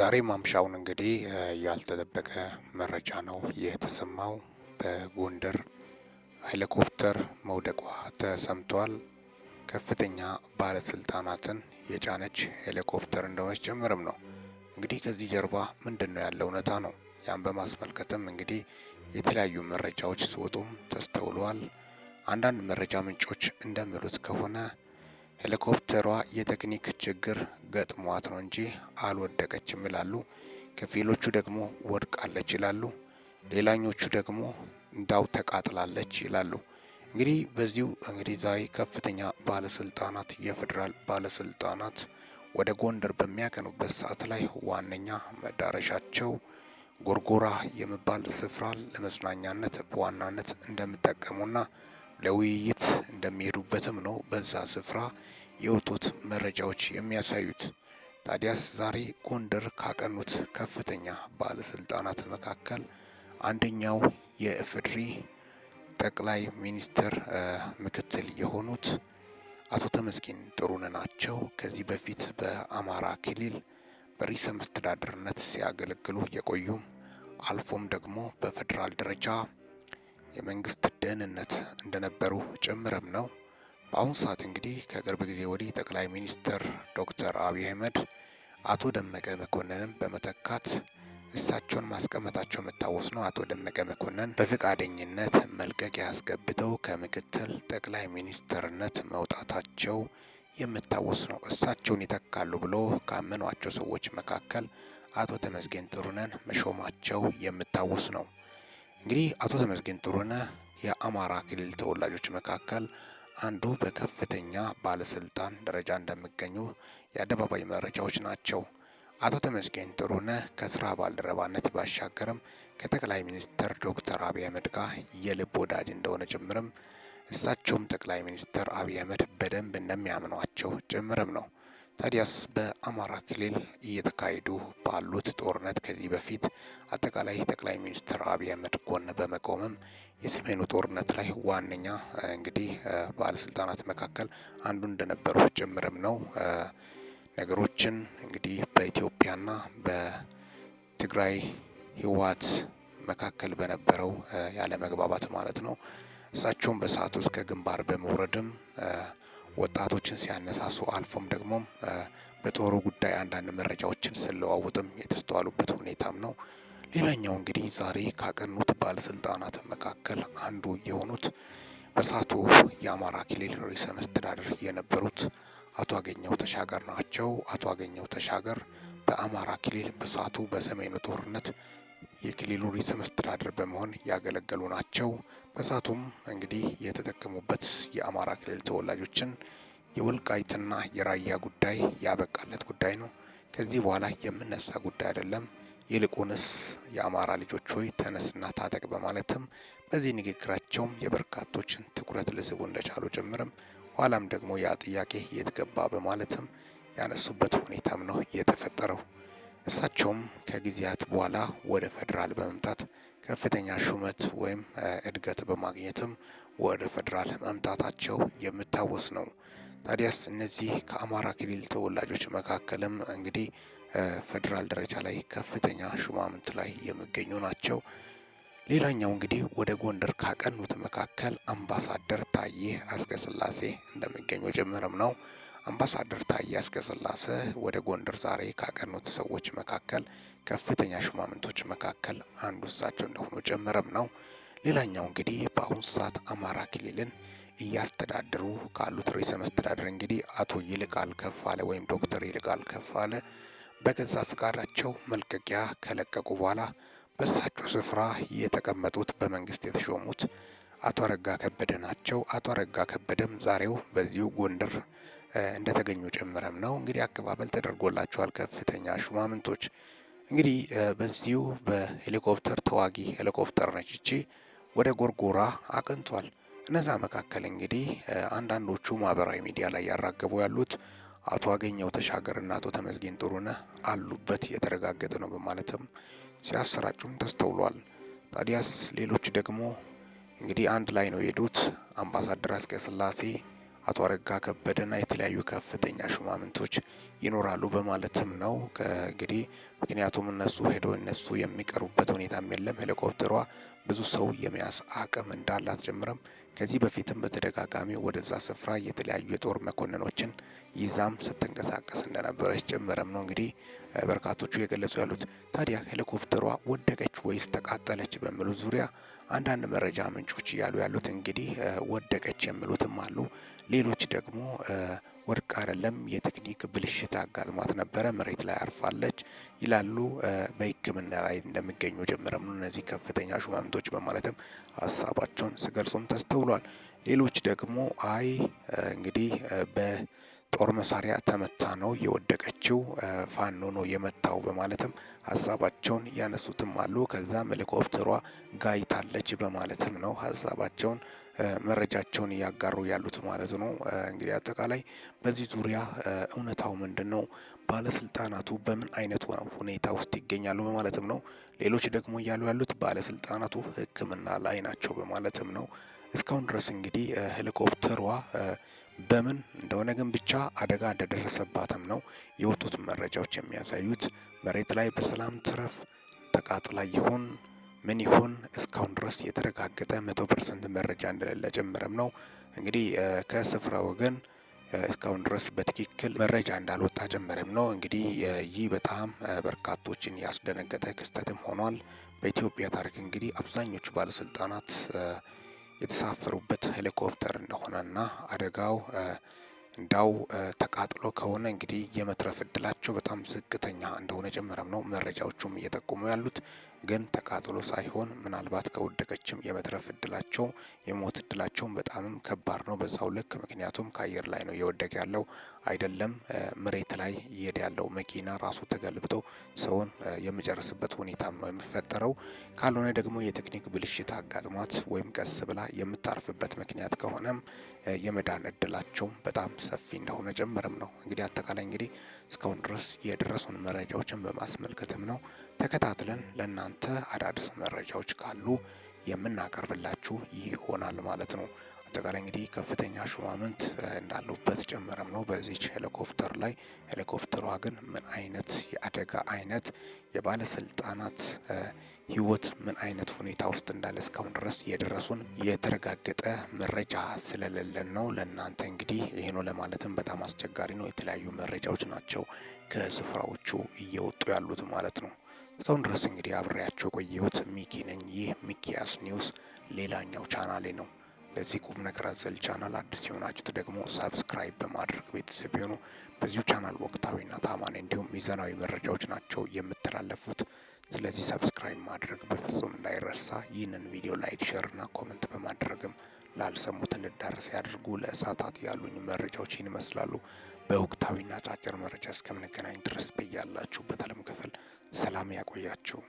ዛሬ ማምሻውን እንግዲህ ያልተጠበቀ መረጃ ነው የተሰማው። በጎንደር ሄሊኮፕተር መውደቋ ተሰምቷል። ከፍተኛ ባለስልጣናትን የጫነች ሄሊኮፕተር እንደሆነች ጭምርም ነው። እንግዲህ ከዚህ ጀርባ ምንድን ነው ያለው እውነታ ነው። ያን በማስመልከትም እንግዲህ የተለያዩ መረጃዎች ሲወጡም ተስተውለዋል። አንዳንድ መረጃ ምንጮች እንደሚሉት ከሆነ ሄሊኮፕተሯ የቴክኒክ ችግር ገጥሟት ነው እንጂ አልወደቀችም ይላሉ። ከፊሎቹ ደግሞ ወድቃለች ይላሉ። ሌላኞቹ ደግሞ እንዳው ተቃጥላለች ይላሉ። እንግዲህ በዚሁ እንግዲህ ዛሬ ከፍተኛ ባለስልጣናት የፌዴራል ባለስልጣናት ወደ ጎንደር በሚያቀኑበት ሰዓት ላይ ዋነኛ መዳረሻቸው ጎርጎራ የሚባል ስፍራ ለመዝናኛነት በዋናነት እንደሚጠቀሙና ለውይይት እንደሚሄዱበትም ነው በዛ ስፍራ የወጡት መረጃዎች የሚያሳዩት። ታዲያስ ዛሬ ጎንደር ካቀኑት ከፍተኛ ባለስልጣናት መካከል አንደኛው የኢፌዴሪ ጠቅላይ ሚኒስትር ምክትል የሆኑት አቶ ተመስገን ጥሩነህ ናቸው። ከዚህ በፊት በአማራ ክልል በርዕሰ መስተዳድርነት ሲያገለግሉ የቆዩም አልፎም ደግሞ በፌዴራል ደረጃ የመንግስት ደህንነት እንደነበሩ ጭምርም ነው። በአሁኑ ሰዓት እንግዲህ ከቅርብ ጊዜ ወዲህ ጠቅላይ ሚኒስትር ዶክተር አብይ አህመድ አቶ ደመቀ መኮንንን በመተካት እሳቸውን ማስቀመጣቸው የሚታወስ ነው። አቶ ደመቀ መኮንን በፈቃደኝነት መልቀቂያ ያስገብተው ከምክትል ጠቅላይ ሚኒስትርነት መውጣታቸው የምታወስ ነው። እሳቸውን ይተካሉ ብሎ ካመኗቸው ሰዎች መካከል አቶ ተመስገን ጥሩነን መሾማቸው የሚታወስ ነው። እንግዲህ አቶ ተመስገን ጥሩነህ የአማራ ክልል ተወላጆች መካከል አንዱ በከፍተኛ ባለስልጣን ደረጃ እንደሚገኙ የአደባባይ መረጃዎች ናቸው። አቶ ተመስገን ጥሩነህ ከስራ ባልደረባነት ባሻገርም ከጠቅላይ ሚኒስትር ዶክተር አብይ አህመድ ጋር የልብ ወዳጅ እንደሆነ ጭምርም እሳቸውም ጠቅላይ ሚኒስትር አብይ አህመድ በደንብ እንደሚያምኗቸው ጭምርም ነው። ታዲያስ በአማራ ክልል እየተካሄዱ ባሉት ጦርነት ከዚህ በፊት አጠቃላይ ጠቅላይ ሚኒስትር አብይ አህመድ ጎን በመቆምም የሰሜኑ ጦርነት ላይ ዋነኛ እንግዲህ ባለስልጣናት መካከል አንዱ እንደነበሩ ጭምርም ነው። ነገሮችን እንግዲህ በኢትዮጵያና በትግራይ ህወሓት መካከል በነበረው ያለመግባባት ማለት ነው እሳቸውም በሰዓቱ እስከ ግንባር በመውረድም ወጣቶችን ሲያነሳሱ አልፎም ደግሞ በጦሩ ጉዳይ አንዳንድ መረጃዎችን ስለዋውጥም የተስተዋሉበት ሁኔታም ነው። ሌላኛው እንግዲህ ዛሬ ካቀኑት ባለስልጣናት መካከል አንዱ የሆኑት በሳቱ የአማራ ክልል ርዕሰ መስተዳድር የነበሩት አቶ አገኘው ተሻገር ናቸው። አቶ አገኘው ተሻገር በአማራ ክልል በሳቱ በሰሜኑ ጦርነት የክልሉ ርዕሰ መስተዳድር በመሆን ያገለገሉ ናቸው። በሳቱም እንግዲህ የተጠቀሙበት የአማራ ክልል ተወላጆችን የወልቃይትና የራያ ጉዳይ ያበቃለት ጉዳይ ነው። ከዚህ በኋላ የምነሳ ጉዳይ አይደለም። ይልቁንስ የአማራ ልጆች ሆይ ተነስና ታጠቅ በማለትም በዚህ ንግግራቸውም የበርካቶችን ትኩረት ልስቡ እንደቻሉ ጭምርም ኋላም ደግሞ ያ ጥያቄ የት ገባ በማለትም ያነሱበት ሁኔታም ነው የተፈጠረው። እሳቸውም ከጊዜያት በኋላ ወደ ፌዴራል በመምጣት ከፍተኛ ሹመት ወይም እድገት በማግኘትም ወደ ፌዴራል መምጣታቸው የሚታወስ ነው። ታዲያስ እነዚህ ከአማራ ክልል ተወላጆች መካከልም እንግዲህ ፌዴራል ደረጃ ላይ ከፍተኛ ሹማምንት ላይ የሚገኙ ናቸው። ሌላኛው እንግዲህ ወደ ጎንደር ካቀኑት መካከል አምባሳደር ታዬ አስገስላሴ እንደሚገኙ ጭምርም ነው። አምባሳደር ታዬ አጽቀሥላሴ ወደ ጎንደር ዛሬ ካቀኑት ሰዎች መካከል ከፍተኛ ሹማምንቶች መካከል አንዱ እሳቸው እንደሆኑ ጭምርም ነው። ሌላኛው እንግዲህ በአሁኑ ሰዓት አማራ ክልልን እያስተዳደሩ ካሉት ርዕሰ መስተዳደር እንግዲህ አቶ ይልቃል ከፋለ ወይም ዶክተር ይልቃል ከፋለ በገዛ ፍቃዳቸው መልቀቂያ ከለቀቁ በኋላ በእሳቸው ስፍራ የተቀመጡት በመንግስት የተሾሙት አቶ አረጋ ከበደ ናቸው። አቶ አረጋ ከበደም ዛሬው በዚሁ ጎንደር እንደተገኙ ጭምርም ነው። እንግዲህ አቀባበል ተደርጎላቸዋል ከፍተኛ ሹማምንቶች። እንግዲህ በዚሁ በሄሊኮፕተር ተዋጊ ሄሊኮፕተር ነች ይቺ ወደ ጎርጎራ አቅንቷል። እነዛ መካከል እንግዲህ አንዳንዶቹ ማህበራዊ ሚዲያ ላይ ያራገቡ ያሉት አቶ አገኘው ተሻገርና አቶ ተመስገን ጥሩነህ አሉበት የተረጋገጠ ነው በማለትም ሲያሰራጩም ተስተውሏል። ታዲያስ ሌሎች ደግሞ እንግዲህ አንድ ላይ ነው የሄዱት አምባሳደር አስቀ ስላሴ አቶ አረጋ ከበደና የተለያዩ ከፍተኛ ሹማምንቶች ይኖራሉ በማለትም ነው እንግዲህ። ምክንያቱም እነሱ ሄዶ እነሱ የሚቀሩበት ሁኔታም የለም። ሄሊኮፕተሯ ብዙ ሰው የመያዝ አቅም እንዳላት ጀምረም ከዚህ በፊትም በተደጋጋሚ ወደዛ ስፍራ የተለያዩ የጦር መኮንኖችን ይዛም ስትንቀሳቀስ እንደነበረች ጭምርም ነው እንግዲህ በርካቶቹ የገለጹ ያሉት። ታዲያ ሄሊኮፕተሯ ወደቀች ወይስ ተቃጠለች በሚሉ ዙሪያ አንዳንድ መረጃ ምንጮች እያሉ ያሉት እንግዲህ ወደቀች የሚሉትም አሉ። ሌሎች ደግሞ ወድቅ አይደለም የቴክኒክ ብልሽት አጋጥሟት ነበረ፣ መሬት ላይ አርፋለች ይላሉ በሕክምና ላይ እንደሚገኙ ጀምረም እነዚህ ከፍተኛ ሹማምንቶች በማለትም ሀሳባቸውን ስገልጾም ተስተውሏል። ሌሎች ደግሞ አይ እንግዲህ በጦር መሳሪያ ተመታ ነው የወደቀችው፣ ፋኖ ነው የመታው በማለትም ሀሳባቸውን ያነሱትም አሉ። ከዛም ሄሊኮፕተሯ ጋይታለች በማለትም ነው ሀሳባቸውን መረጃቸውን እያጋሩ ያሉት ማለት ነው። እንግዲህ አጠቃላይ በዚህ ዙሪያ እውነታው ምንድን ነው? ባለስልጣናቱ በምን አይነት ሁኔታ ውስጥ ይገኛሉ? በማለትም ነው። ሌሎች ደግሞ እያሉ ያሉት ባለስልጣናቱ ሕክምና ላይ ናቸው በማለትም ነው። እስካሁን ድረስ እንግዲህ ሄሊኮፕተሯ በምን እንደሆነ ግን ብቻ አደጋ እንደደረሰባትም ነው የወጡት መረጃዎች የሚያሳዩት። መሬት ላይ በሰላም ትረፍ፣ ተቃጥላ ይሆን ምን ይሆን እስካሁን ድረስ የተረጋገጠ መቶ ፐርሰንት መረጃ እንደሌለ ጭምርም ነው። እንግዲህ ከስፍራ ወገን እስካሁን ድረስ በትክክል መረጃ እንዳልወጣ ጭምርም ነው። እንግዲህ ይህ በጣም በርካቶችን ያስደነገጠ ክስተትም ሆኗል። በኢትዮጵያ ታሪክ እንግዲህ አብዛኞቹ ባለስልጣናት የተሳፈሩበት ሄሊኮፕተር እንደሆነና አደጋው እንዳው ተቃጥሎ ከሆነ እንግዲህ የመትረፍ እድላቸው በጣም ዝቅተኛ እንደሆነ ጭምርም ነው መረጃዎቹም እየጠቁሙ ያሉት። ግን ተቃጥሎ ሳይሆን ምናልባት ከወደቀችም የመትረፍ እድላቸው የሞት እድላቸውን በጣምም ከባድ ነው በዛው ልክ። ምክንያቱም ከአየር ላይ ነው እየወደቀ ያለው አይደለም መሬት ላይ እየሄደ ያለው መኪና ራሱ ተገልብጦ ሰውን የምጨርስበት ሁኔታም ነው የሚፈጠረው። ካልሆነ ደግሞ የቴክኒክ ብልሽት አጋጥሟት ወይም ቀስ ብላ የምታርፍበት ምክንያት ከሆነም የመዳን እድላቸውም በጣም ሰፊ እንደሆነ ጭምርም ነው። እንግዲህ አጠቃላይ እንግዲህ እስካሁን ድረስ የደረሱን መረጃዎችን በማስመልከትም ነው ተከታትለን ለእናንተ አዳዲስ መረጃዎች ካሉ የምናቀርብላችሁ ይሆናል ማለት ነው። አጠቃላይ እንግዲህ ከፍተኛ ሹማምንት እንዳሉበት ጨምረም ነው በዚች ሄሊኮፕተር ላይ። ሄሊኮፕተሯ ግን ምን አይነት የአደጋ አይነት የባለስልጣናት ህይወት ምን አይነት ሁኔታ ውስጥ እንዳለ እስካሁን ድረስ የደረሱን የተረጋገጠ መረጃ ስለሌለን ነው። ለእናንተ እንግዲህ ይህ ለማለትም በጣም አስቸጋሪ ነው። የተለያዩ መረጃዎች ናቸው ከስፍራዎቹ እየወጡ ያሉት ማለት ነው። እስካሁን ድረስ እንግዲህ አብሬያቸው የቆየሁት ሚኪ ነኝ። ይህ ሚኪያስ ኒውስ ሌላኛው ቻናሌ ነው። ለዚህ ቁም ነገር አዘል ቻናል አዲስ የሆናችሁት ደግሞ ሰብስክራይብ በማድረግ ቤተሰብ የሆኑ በዚሁ ቻናል ወቅታዊና ታማኒ እንዲሁም ሚዛናዊ መረጃዎች ናቸው የምተላለፉት። ስለዚህ ሰብስክራይብ ማድረግ በፍጹም እንዳይረሳ። ይህንን ቪዲዮ ላይክ፣ ሼርና ኮመንት በማድረግም ላልሰሙት እንዳረስ ያድርጉ። ለእሳታት ያሉኝ መረጃዎች ይህን ይመስላሉ። በወቅታዊና ጫጭር መረጃ እስከምንገናኝ ድረስ በያላችሁበት ዓለም ክፍል ሰላም ያቆያችሁ።